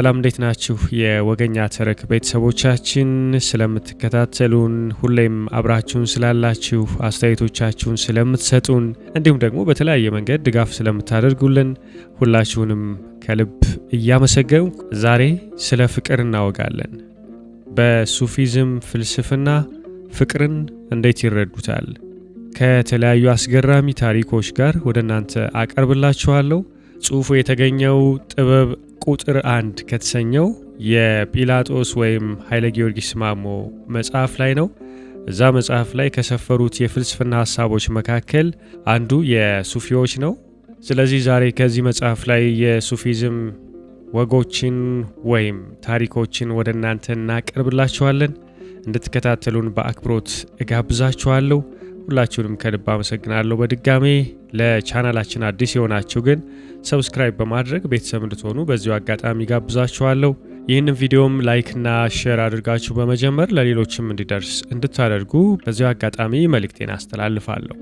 ሰላም እንዴት ናችሁ? የወገኛ ተረክ ቤተሰቦቻችን ስለምትከታተሉን፣ ሁሌም አብራችሁን ስላላችሁ፣ አስተያየቶቻችሁን ስለምትሰጡን፣ እንዲሁም ደግሞ በተለያየ መንገድ ድጋፍ ስለምታደርጉልን ሁላችሁንም ከልብ እያመሰገኑ ዛሬ ስለ ፍቅር እናወጋለን። በሱፊዝም ፍልስፍና ፍቅርን እንዴት ይረዱታል? ከተለያዩ አስገራሚ ታሪኮች ጋር ወደ እናንተ አቀርብላችኋለሁ። ጽሑፉ የተገኘው ጥበብ ቁጥር አንድ ከተሰኘው የጲላጦስ ወይም ኃይለ ጊዮርጊስ ማሞ መጽሐፍ ላይ ነው። እዛ መጽሐፍ ላይ ከሰፈሩት የፍልስፍና ሀሳቦች መካከል አንዱ የሱፊዎች ነው። ስለዚህ ዛሬ ከዚህ መጽሐፍ ላይ የሱፊዝም ወጎችን ወይም ታሪኮችን ወደ እናንተ እናቀርብላችኋለን። እንድትከታተሉን በአክብሮት እጋብዛችኋለሁ። ሁላችሁንም ከልብ አመሰግናለሁ። በድጋሜ ለቻናላችን አዲስ የሆናችሁ ግን ሰብስክራይብ በማድረግ ቤተሰብ እንድትሆኑ በዚሁ አጋጣሚ ጋብዛችኋለሁ። ይህንን ቪዲዮም ላይክና ሼር አድርጋችሁ በመጀመር ለሌሎችም እንዲደርስ እንድታደርጉ በዚሁ አጋጣሚ መልእክቴን አስተላልፋለሁ።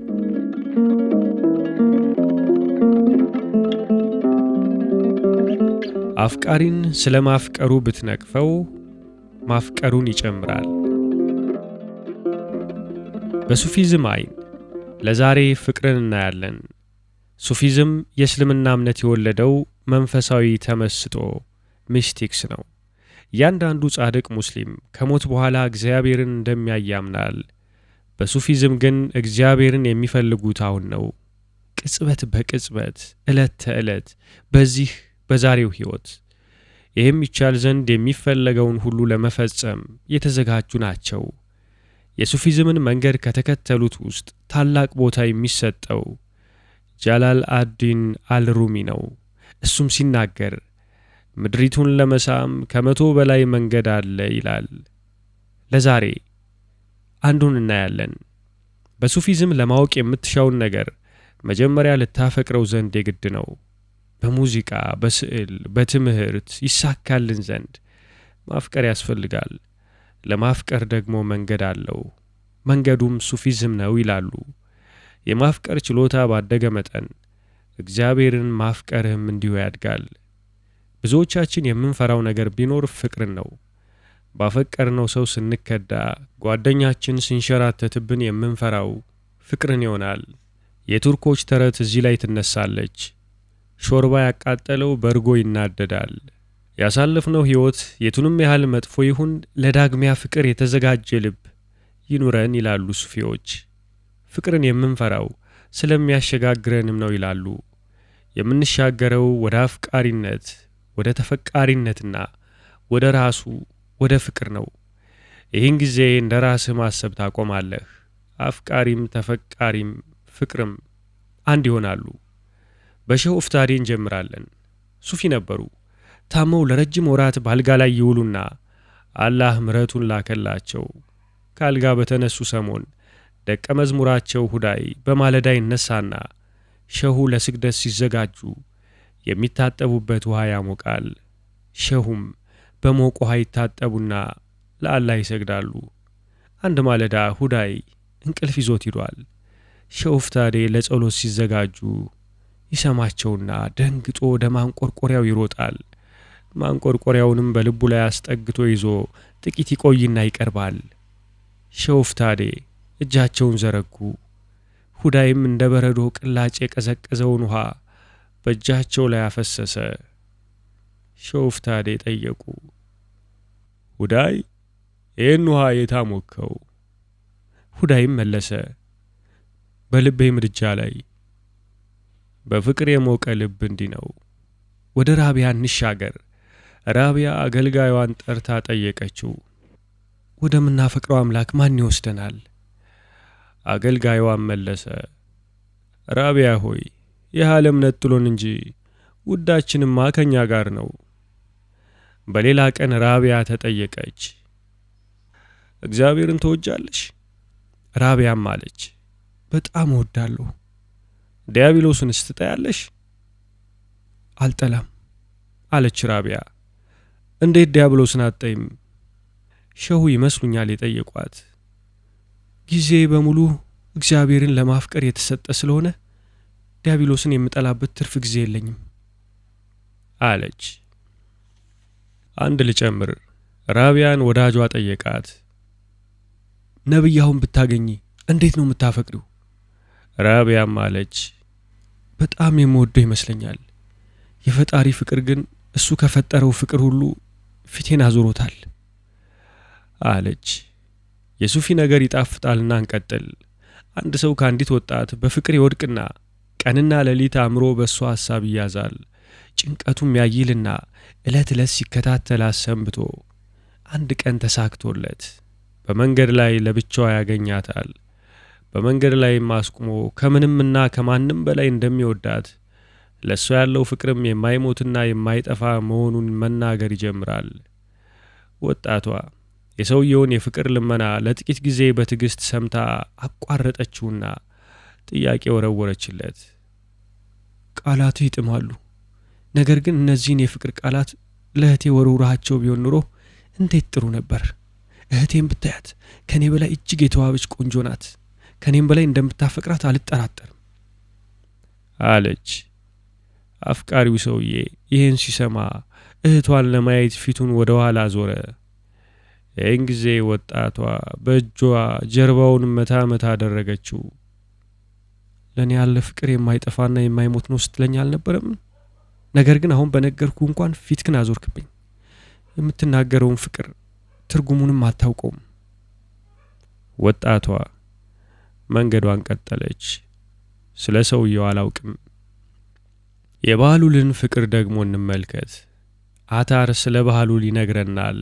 አፍቃሪን ስለ ማፍቀሩ ብትነቅፈው ማፍቀሩን ይጨምራል። በሱፊዝም አይን ለዛሬ ፍቅርን እናያለን። ሱፊዝም የእስልምና እምነት የወለደው መንፈሳዊ ተመስጦ ሚስቲክስ ነው። እያንዳንዱ ጻድቅ ሙስሊም ከሞት በኋላ እግዚአብሔርን እንደሚያያምናል። በሱፊዝም ግን እግዚአብሔርን የሚፈልጉት አሁን ነው፣ ቅጽበት በቅጽበት ዕለት ተዕለት በዚህ በዛሬው ሕይወት። ይህም ይቻል ዘንድ የሚፈለገውን ሁሉ ለመፈጸም የተዘጋጁ ናቸው። የሱፊዝምን መንገድ ከተከተሉት ውስጥ ታላቅ ቦታ የሚሰጠው ጃላል አዲን አልሩሚ ነው። እሱም ሲናገር ምድሪቱን ለመሳም ከመቶ በላይ መንገድ አለ ይላል። ለዛሬ አንዱን እናያለን። በሱፊዝም ለማወቅ የምትሻውን ነገር መጀመሪያ ልታፈቅረው ዘንድ የግድ ነው። በሙዚቃ፣ በስዕል፣ በትምህርት ይሳካልን ዘንድ ማፍቀር ያስፈልጋል። ለማፍቀር ደግሞ መንገድ አለው፣ መንገዱም ሱፊዝም ነው ይላሉ። የማፍቀር ችሎታ ባደገ መጠን እግዚአብሔርን ማፍቀርህም እንዲሁ ያድጋል። ብዙዎቻችን የምንፈራው ነገር ቢኖር ፍቅርን ነው። ባፈቀርነው ሰው ስንከዳ፣ ጓደኛችን ሲንሸራተትብን የምንፈራው ፍቅርን ይሆናል። የቱርኮች ተረት እዚህ ላይ ትነሳለች። ሾርባ ያቃጠለው በርጎ ይናደዳል። ያሳለፍነው ሕይወት የቱንም ያህል መጥፎ ይሁን ለዳግሚያ ፍቅር የተዘጋጀ ልብ ይኑረን ይላሉ ሱፊዎች። ፍቅርን የምንፈራው ስለሚያሸጋግረንም ነው ይላሉ። የምንሻገረው ወደ አፍቃሪነት፣ ወደ ተፈቃሪነትና ወደ ራሱ ወደ ፍቅር ነው። ይህን ጊዜ እንደ ራስህ ማሰብ ታቆማለህ። አፍቃሪም ተፈቃሪም ፍቅርም አንድ ይሆናሉ። በሼህ ኡፍታዴ እንጀምራለን። ሱፊ ነበሩ። ታመው ለረጅም ወራት በአልጋ ላይ ይውሉና አላህ ምረቱን ላከላቸው። ከአልጋ በተነሱ ሰሞን ደቀ መዝሙራቸው ሁዳይ በማለዳ ይነሳና ሸሁ ለስግደት ሲዘጋጁ የሚታጠቡበት ውሃ ያሞቃል። ሸሁም በሞቅ ውሃ ይታጠቡና ለአላህ ይሰግዳሉ። አንድ ማለዳ ሁዳይ እንቅልፍ ይዞት ሂዷል። ሸውፍ ታዴ ለጸሎት ሲዘጋጁ ይሰማቸውና ደንግጦ ወደ ማንቆርቆሪያው ይሮጣል። ማንቆርቆሪያውንም በልቡ ላይ አስጠግቶ ይዞ ጥቂት ይቆይና ይቀርባል። ሸውፍታዴ እጃቸውን ዘረጉ። ሁዳይም እንደ በረዶ ቅላጭ የቀዘቀዘውን ውሃ በእጃቸው ላይ አፈሰሰ። ሸውፍታዴ ጠየቁ፣ ሁዳይ ይህን ውሃ የታሞከው? ሁዳይም መለሰ፣ በልቤ ምድጃ ላይ። በፍቅር የሞቀ ልብ እንዲህ ነው። ወደ ራቢያ እንሻገር። ራቢያ አገልጋዩዋን ጠርታ ጠየቀችው፣ ወደምናፈቅረው አምላክ ማን ይወስደናል? አገልጋዩዋን መለሰ፣ ራቢያ ሆይ ይህ ዓለም ነጥሎን እንጂ ውዳችንማ ከእኛ ጋር ነው። በሌላ ቀን ራቢያ ተጠየቀች፣ እግዚአብሔርን ትወጃለሽ? ራቢያም አለች፣ በጣም እወዳለሁ። ዲያብሎስን ስትጠያለሽ? አልጠላም አለች ራቢያ። እንዴት ዲያብሎስን አጠይም? ሸሁ ይመስሉኛል የጠየቋት። ጊዜ በሙሉ እግዚአብሔርን ለማፍቀር የተሰጠ ስለሆነ ዲያብሎስን የምጠላበት ትርፍ ጊዜ የለኝም አለች። አንድ ልጨምር። ራቢያን ወዳጇ ጠየቃት። ነቢያሁን ብታገኚ እንዴት ነው የምታፈቅደው? ራቢያም አለች፣ በጣም የምወደው ይመስለኛል። የፈጣሪ ፍቅር ግን እሱ ከፈጠረው ፍቅር ሁሉ ፊቴን አዙሮታል አለች። የሱፊ ነገር ይጣፍጣልና እንቀጥል። አንድ ሰው ከአንዲት ወጣት በፍቅር ይወድቅና ቀንና ሌሊት አእምሮ በእሷ ሐሳብ ይያዛል። ጭንቀቱም ያይልና ዕለት ዕለት ሲከታተል አሰንብቶ አንድ ቀን ተሳክቶለት በመንገድ ላይ ለብቻዋ ያገኛታል። በመንገድ ላይም አስቁሞ ከምንምና ከማንም በላይ እንደሚወዳት ለእሷ ያለው ፍቅርም የማይሞትና የማይጠፋ መሆኑን መናገር ይጀምራል። ወጣቷ የሰውየውን የፍቅር ልመና ለጥቂት ጊዜ በትዕግሥት ሰምታ አቋረጠችውና ጥያቄ ወረወረችለት። ቃላቱ ይጥማሉ፣ ነገር ግን እነዚህን የፍቅር ቃላት ለእህቴ ወርውራሃቸው ቢሆን ኑሮ እንዴት ጥሩ ነበር። እህቴን ብታያት ከእኔ በላይ እጅግ የተዋበች ቆንጆ ናት። ከእኔም በላይ እንደምታፈቅራት አልጠራጠርም አለች። አፍቃሪው ሰውዬ ይህን ሲሰማ እህቷን ለማየት ፊቱን ወደ ኋላ ዞረ። ይህን ጊዜ ወጣቷ በእጇ ጀርባውን መታ መታ አደረገችው። ለእኔ ያለ ፍቅር የማይጠፋና የማይሞት ነው ስትለኝ አልነበረም? ነገር ግን አሁን በነገርኩ እንኳን ፊትክን አዞርክብኝ። የምትናገረውን ፍቅር ትርጉሙንም አታውቀውም። ወጣቷ መንገዷን ቀጠለች። ስለ ሰውየው አላውቅም የባህሉልን ፍቅር ደግሞ እንመልከት። አታር ስለ ባህሉል ይነግረናል።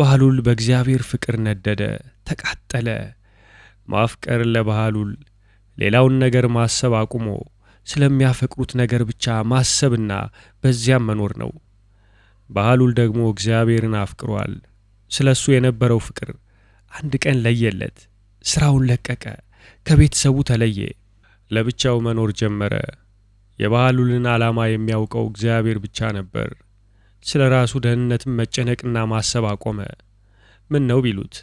ባህሉል በእግዚአብሔር ፍቅር ነደደ፣ ተቃጠለ። ማፍቀር ለባህሉል ሌላውን ነገር ማሰብ አቁሞ ስለሚያፈቅሩት ነገር ብቻ ማሰብና በዚያም መኖር ነው። ባህሉል ደግሞ እግዚአብሔርን አፍቅሯል። ስለ እሱ የነበረው ፍቅር አንድ ቀን ለየለት። ስራውን ለቀቀ፣ ከቤተሰቡ ተለየ፣ ለብቻው መኖር ጀመረ። የባህሉልን ዓላማ የሚያውቀው እግዚአብሔር ብቻ ነበር። ስለ ራሱ ደህንነትም መጨነቅና ማሰብ አቆመ። ምን ነው ቢሉት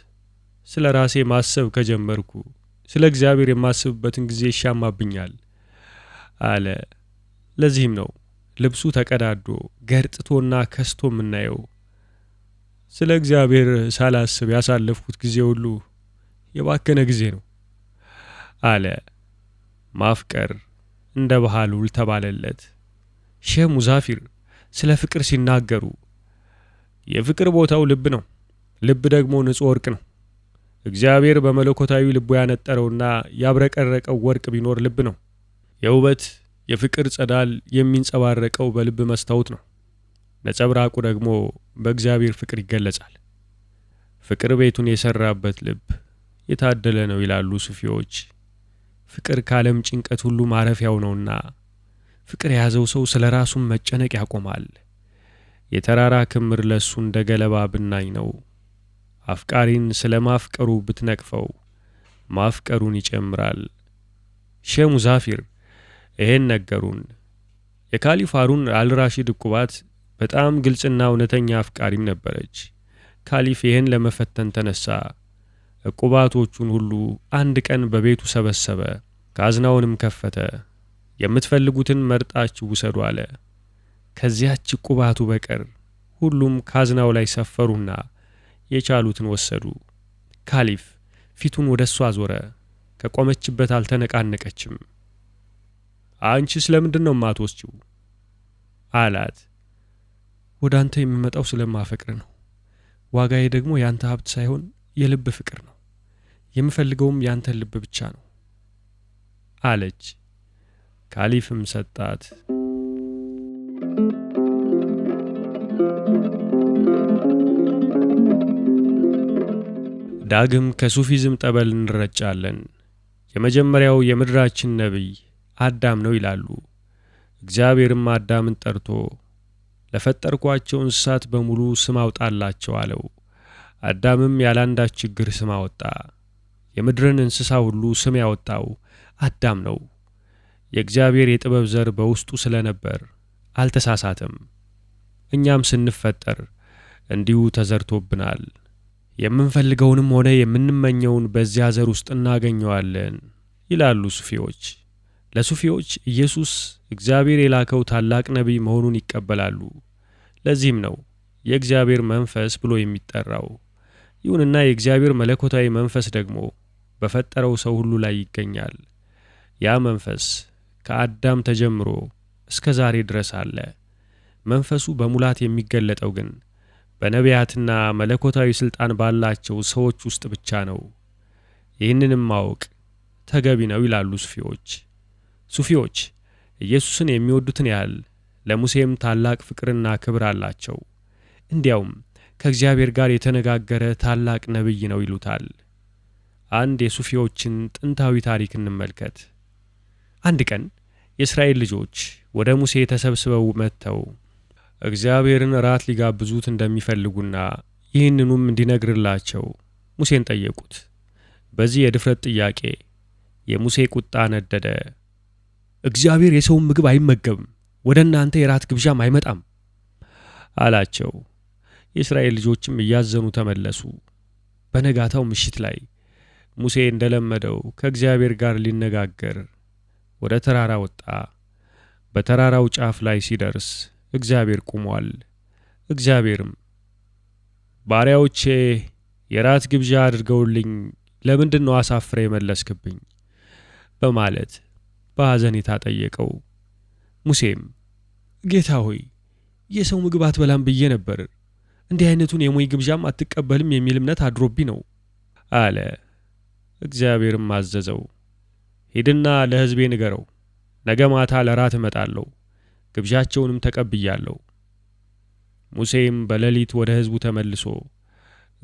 ስለ ራሴ ማሰብ ከጀመርኩ ስለ እግዚአብሔር የማስብበትን ጊዜ ይሻማብኛል አለ። ለዚህም ነው ልብሱ ተቀዳዶ ገርጥቶና ከስቶ የምናየው። ስለ እግዚአብሔር ሳላስብ ያሳለፍኩት ጊዜ ሁሉ የባከነ ጊዜ ነው አለ። ማፍቀር እንደ ባህሉል ተባለለት። ሼህ ሙዛፊር ስለ ፍቅር ሲናገሩ የፍቅር ቦታው ልብ ነው፣ ልብ ደግሞ ንጹሕ ወርቅ ነው። እግዚአብሔር በመለኮታዊ ልቡ ያነጠረውና ያብረቀረቀው ወርቅ ቢኖር ልብ ነው። የውበት የፍቅር ጸዳል የሚንጸባረቀው በልብ መስታወት ነው። ነጸብራቁ ደግሞ በእግዚአብሔር ፍቅር ይገለጻል። ፍቅር ቤቱን የሰራበት ልብ የታደለ ነው ይላሉ ሱፊዎች። ፍቅር ከዓለም ጭንቀት ሁሉ ማረፊያው ነውና ፍቅር የያዘው ሰው ስለ ራሱም መጨነቅ ያቆማል። የተራራ ክምር ለሱ እንደ ገለባ ብናኝ ነው። አፍቃሪን ስለ ማፍቀሩ ብትነቅፈው ማፍቀሩን ይጨምራል። ሼህ ሙዛፊር ይሄን ነገሩን። የካሊፍ ሃሩን አልራሺድ እቁባት በጣም ግልጽና እውነተኛ አፍቃሪም ነበረች። ካሊፍ ይህን ለመፈተን ተነሳ። ዕቁባቶቹን ሁሉ አንድ ቀን በቤቱ ሰበሰበ፣ ካዝናውንም ከፈተ። የምትፈልጉትን መርጣችሁ ውሰዱ አለ። ከዚያች ዕቁባቱ በቀር ሁሉም ካዝናው ላይ ሰፈሩና የቻሉትን ወሰዱ። ካሊፍ ፊቱን ወደ እሷ አዞረ። ከቆመችበት አልተነቃነቀችም። አንቺ ስለምንድን ነው የማትወስጂው? አላት። ወደ አንተ የሚመጣው ስለማፈቅር ነው። ዋጋዬ ደግሞ የአንተ ሀብት ሳይሆን የልብ ፍቅር ነው። የምፈልገውም ያንተን ልብ ብቻ ነው አለች። ካሊፍም ሰጣት። ዳግም ከሱፊዝም ጠበል እንረጫለን። የመጀመሪያው የምድራችን ነቢይ አዳም ነው ይላሉ። እግዚአብሔርም አዳምን ጠርቶ ለፈጠርኳቸው እንስሳት በሙሉ ስም አውጣላቸው አለው። አዳምም ያላንዳች ችግር ስም አወጣ። የምድርን እንስሳ ሁሉ ስም ያወጣው አዳም ነው። የእግዚአብሔር የጥበብ ዘር በውስጡ ስለነበር አልተሳሳትም። እኛም ስንፈጠር እንዲሁ ተዘርቶብናል። የምንፈልገውንም ሆነ የምንመኘውን በዚያ ዘር ውስጥ እናገኘዋለን ይላሉ ሱፊዎች። ለሱፊዎች ኢየሱስ እግዚአብሔር የላከው ታላቅ ነቢይ መሆኑን ይቀበላሉ። ለዚህም ነው የእግዚአብሔር መንፈስ ብሎ የሚጠራው። ይሁንና የእግዚአብሔር መለኮታዊ መንፈስ ደግሞ በፈጠረው ሰው ሁሉ ላይ ይገኛል። ያ መንፈስ ከአዳም ተጀምሮ እስከ ዛሬ ድረስ አለ። መንፈሱ በሙላት የሚገለጠው ግን በነቢያትና መለኮታዊ ሥልጣን ባላቸው ሰዎች ውስጥ ብቻ ነው። ይህንንም ማወቅ ተገቢ ነው ይላሉ ሱፊዎች። ሱፊዎች ኢየሱስን የሚወዱትን ያህል ለሙሴም ታላቅ ፍቅርና ክብር አላቸው። እንዲያውም ከእግዚአብሔር ጋር የተነጋገረ ታላቅ ነቢይ ነው ይሉታል። አንድ የሱፊዎችን ጥንታዊ ታሪክ እንመልከት። አንድ ቀን የእስራኤል ልጆች ወደ ሙሴ ተሰብስበው መጥተው እግዚአብሔርን እራት ሊጋብዙት እንደሚፈልጉና ይህንኑም እንዲነግርላቸው ሙሴን ጠየቁት። በዚህ የድፍረት ጥያቄ የሙሴ ቁጣ ነደደ። እግዚአብሔር የሰውን ምግብ አይመገብም፣ ወደ እናንተ የራት ግብዣም አይመጣም አላቸው። የእስራኤል ልጆችም እያዘኑ ተመለሱ። በነጋታው ምሽት ላይ ሙሴ እንደለመደው ከእግዚአብሔር ጋር ሊነጋገር ወደ ተራራ ወጣ። በተራራው ጫፍ ላይ ሲደርስ እግዚአብሔር ቁሟል። እግዚአብሔርም ባሪያዎቼ የራት ግብዣ አድርገውልኝ ለምንድን ነው አሳፍረ የመለስክብኝ? በማለት በሐዘኔታ ጠየቀው። ሙሴም ጌታ ሆይ የሰው ምግብ አትበላም ብዬ ነበር እንዲህ አይነቱን የሞይ ግብዣም አትቀበልም የሚል እምነት አድሮቢ ነው አለ። እግዚአብሔርም አዘዘው፣ ሂድና ለሕዝቤ ንገረው፣ ነገ ማታ ለራት እመጣለሁ፣ ግብዣቸውንም ተቀብያለሁ። ሙሴም በሌሊት ወደ ሕዝቡ ተመልሶ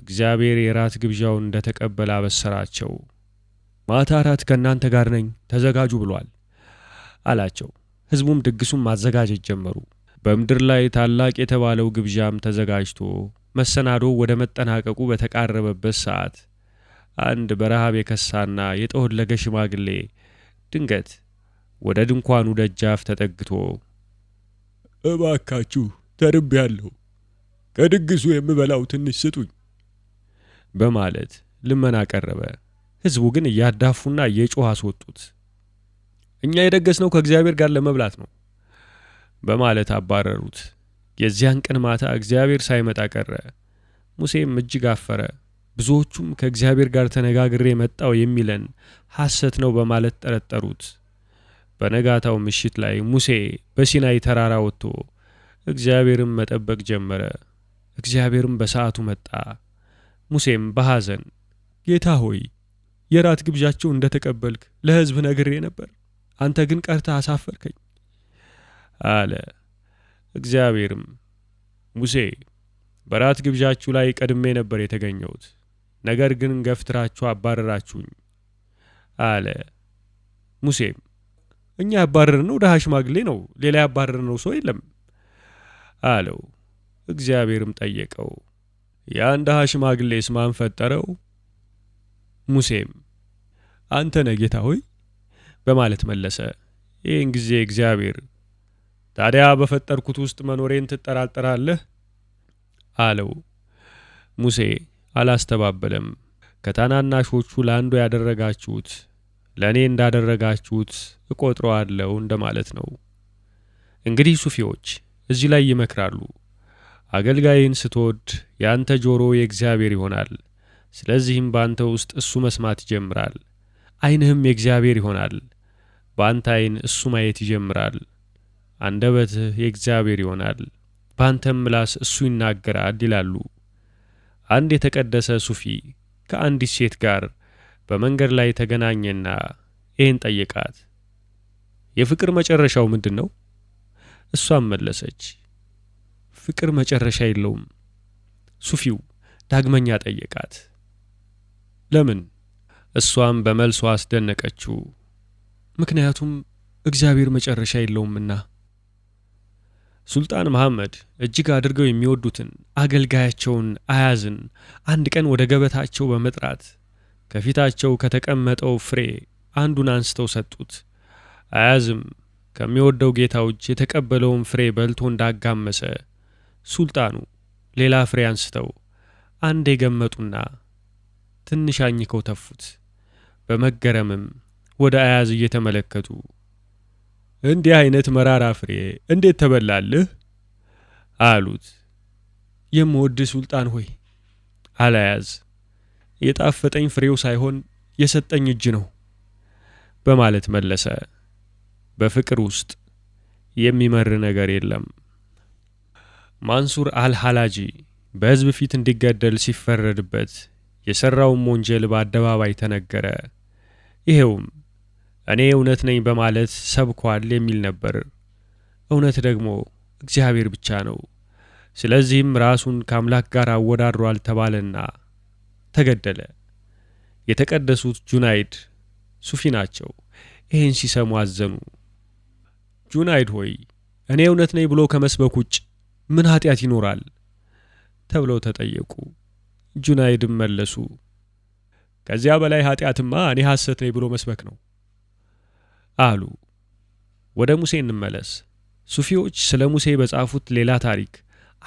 እግዚአብሔር የራት ግብዣውን እንደ ተቀበለ አበሰራቸው። ማታ ራት ከእናንተ ጋር ነኝ ተዘጋጁ ብሏል አላቸው። ሕዝቡም ድግሱም ማዘጋጀት ጀመሩ። በምድር ላይ ታላቅ የተባለው ግብዣም ተዘጋጅቶ መሰናዶ ወደ መጠናቀቁ በተቃረበበት ሰዓት አንድ በረሃብ የከሳና የጠወለገ ሽማግሌ ድንገት ወደ ድንኳኑ ደጃፍ ተጠግቶ እባካችሁ ያለሁ ከድግሱ የምበላው ትንሽ ስጡኝ በማለት ልመና ቀረበ። ህዝቡ ግን እያዳፉና እየጮህ አስወጡት። እኛ የደገስነው ከእግዚአብሔር ጋር ለመብላት ነው በማለት አባረሩት። የዚያን ቀን ማታ እግዚአብሔር ሳይመጣ ቀረ። ሙሴም እጅግ አፈረ። ብዙዎቹም ከእግዚአብሔር ጋር ተነጋግሬ መጣው የሚለን ሐሰት ነው በማለት ጠረጠሩት። በነጋታው ምሽት ላይ ሙሴ በሲናይ ተራራ ወጥቶ እግዚአብሔርን መጠበቅ ጀመረ። እግዚአብሔርም በሰዓቱ መጣ። ሙሴም በሐዘን ጌታ ሆይ የራት ግብዣቸው እንደ ተቀበልክ ለሕዝብ ነግሬ ነበር፣ አንተ ግን ቀርተህ አሳፈርከኝ አለ። እግዚአብሔርም ሙሴ በራት ግብዣችሁ ላይ ቀድሜ ነበር የተገኘሁት፣ ነገር ግን ገፍትራችሁ አባረራችሁኝ አለ። ሙሴም እኛ ያባረርነው ድሃ ሽማግሌ ነው፣ ሌላ ያባረርነው ሰው የለም አለው። እግዚአብሔርም ጠየቀው፣ ያን ድሃ ሽማግሌስ ማን ፈጠረው? ሙሴም አንተ ነህ ጌታ ሆይ በማለት መለሰ። ይህን ጊዜ እግዚአብሔር ታዲያ በፈጠርኩት ውስጥ መኖሬን ትጠራጠራለህ? አለው። ሙሴ አላስተባበለም። ከታናናሾቹ ለአንዱ ያደረጋችሁት ለእኔ እንዳደረጋችሁት እንደ እንደማለት ነው። እንግዲህ ሱፊዎች እዚህ ላይ ይመክራሉ። አገልጋይን ስትወድ የአንተ ጆሮ የእግዚአብሔር ይሆናል። ስለዚህም በአንተ ውስጥ እሱ መስማት ይጀምራል። አይንህም የእግዚአብሔር ይሆናል። በአንተ አይን እሱ ማየት ይጀምራል። አንደበትህ የእግዚአብሔር ይሆናል፣ ባንተም ምላስ እሱ ይናገራል ይላሉ። አንድ የተቀደሰ ሱፊ ከአንዲት ሴት ጋር በመንገድ ላይ ተገናኘና ይህን ጠየቃት፣ የፍቅር መጨረሻው ምንድን ነው? እሷም መለሰች፣ ፍቅር መጨረሻ የለውም። ሱፊው ዳግመኛ ጠየቃት፣ ለምን? እሷም በመልሷ አስደነቀችው፣ ምክንያቱም እግዚአብሔር መጨረሻ የለውምና። ሱልጣን መሐመድ እጅግ አድርገው የሚወዱትን አገልጋያቸውን አያዝን አንድ ቀን ወደ ገበታቸው በመጥራት ከፊታቸው ከተቀመጠው ፍሬ አንዱን አንስተው ሰጡት። አያዝም ከሚወደው ጌታው እጅ የተቀበለውን ፍሬ በልቶ እንዳጋመሰ ሱልጣኑ ሌላ ፍሬ አንስተው አንድ የገመጡና ትንሽ አኝከው ተፉት። በመገረምም ወደ አያዝ እየተመለከቱ እንዲህ አይነት መራራ ፍሬ እንዴት ተበላልህ? አሉት። የምወድ ሱልጣን ሆይ አላያዝ፣ የጣፈጠኝ ፍሬው ሳይሆን የሰጠኝ እጅ ነው በማለት መለሰ። በፍቅር ውስጥ የሚመር ነገር የለም። ማንሱር አልሃላጂ በሕዝብ ፊት እንዲገደል ሲፈረድበት የሠራውም ወንጀል በአደባባይ ተነገረ። ይሄውም እኔ እውነት ነኝ በማለት ሰብኳል የሚል ነበር። እውነት ደግሞ እግዚአብሔር ብቻ ነው። ስለዚህም ራሱን ከአምላክ ጋር አወዳድሯል ተባለና ተገደለ። የተቀደሱት ጁናይድ ሱፊ ናቸው። ይህን ሲሰሙ አዘኑ። ጁናይድ ሆይ እኔ እውነት ነኝ ብሎ ከመስበክ ውጭ ምን ኃጢአት ይኖራል? ተብለው ተጠየቁ። ጁናይድም መለሱ፣ ከዚያ በላይ ኃጢአትማ እኔ ሐሰት ነኝ ብሎ መስበክ ነው። አሉ። ወደ ሙሴ እንመለስ። ሱፊዎች ስለ ሙሴ በጻፉት ሌላ ታሪክ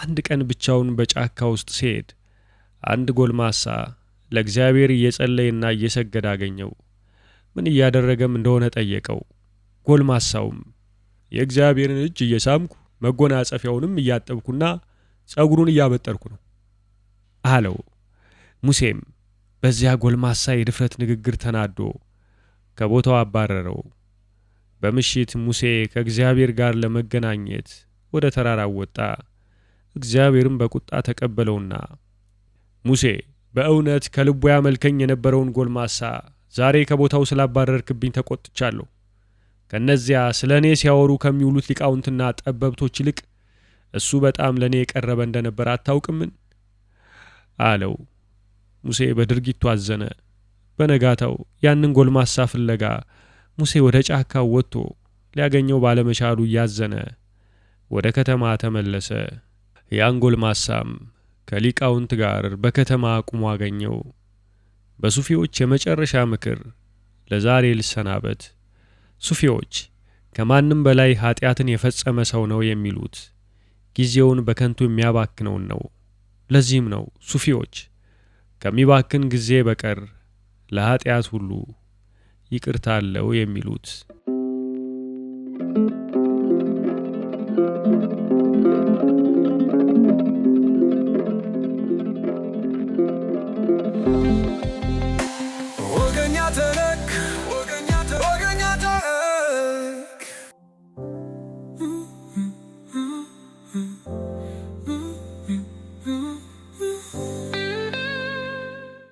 አንድ ቀን ብቻውን በጫካ ውስጥ ሲሄድ አንድ ጎልማሳ ለእግዚአብሔር እየጸለየና እየሰገደ አገኘው። ምን እያደረገም እንደሆነ ጠየቀው። ጎልማሳውም የእግዚአብሔርን እጅ እየሳምኩ መጎናጸፊያውንም እያጠብኩና ጸጉሩን እያበጠርኩ ነው አለው። ሙሴም በዚያ ጎልማሳ የድፍረት ንግግር ተናዶ ከቦታው አባረረው። በምሽት ሙሴ ከእግዚአብሔር ጋር ለመገናኘት ወደ ተራራው ወጣ። እግዚአብሔርም በቁጣ ተቀበለውና ሙሴ በእውነት ከልቡ ያመልከኝ የነበረውን ጎልማሳ ዛሬ ከቦታው ስላባረርክብኝ ተቆጥቻለሁ። ከእነዚያ ስለ እኔ ሲያወሩ ከሚውሉት ሊቃውንትና ጠበብቶች ይልቅ እሱ በጣም ለእኔ የቀረበ እንደነበር አታውቅምን? አለው። ሙሴ በድርጊቱ አዘነ። በነጋታው ያንን ጎልማሳ ፍለጋ ሙሴ ወደ ጫካው ወጥቶ ሊያገኘው ባለመቻሉ እያዘነ ወደ ከተማ ተመለሰ። ያን ጎልማሳም ከሊቃውንት ጋር በከተማ አቁሞ አገኘው። በሱፊዎች የመጨረሻ ምክር ለዛሬ ልሰናበት። ሱፊዎች ከማንም በላይ ኀጢአትን የፈጸመ ሰው ነው የሚሉት ጊዜውን በከንቱ የሚያባክነውን ነው። ለዚህም ነው ሱፊዎች ከሚባክን ጊዜ በቀር ለኀጢአት ሁሉ ይቅርታ አለው የሚሉት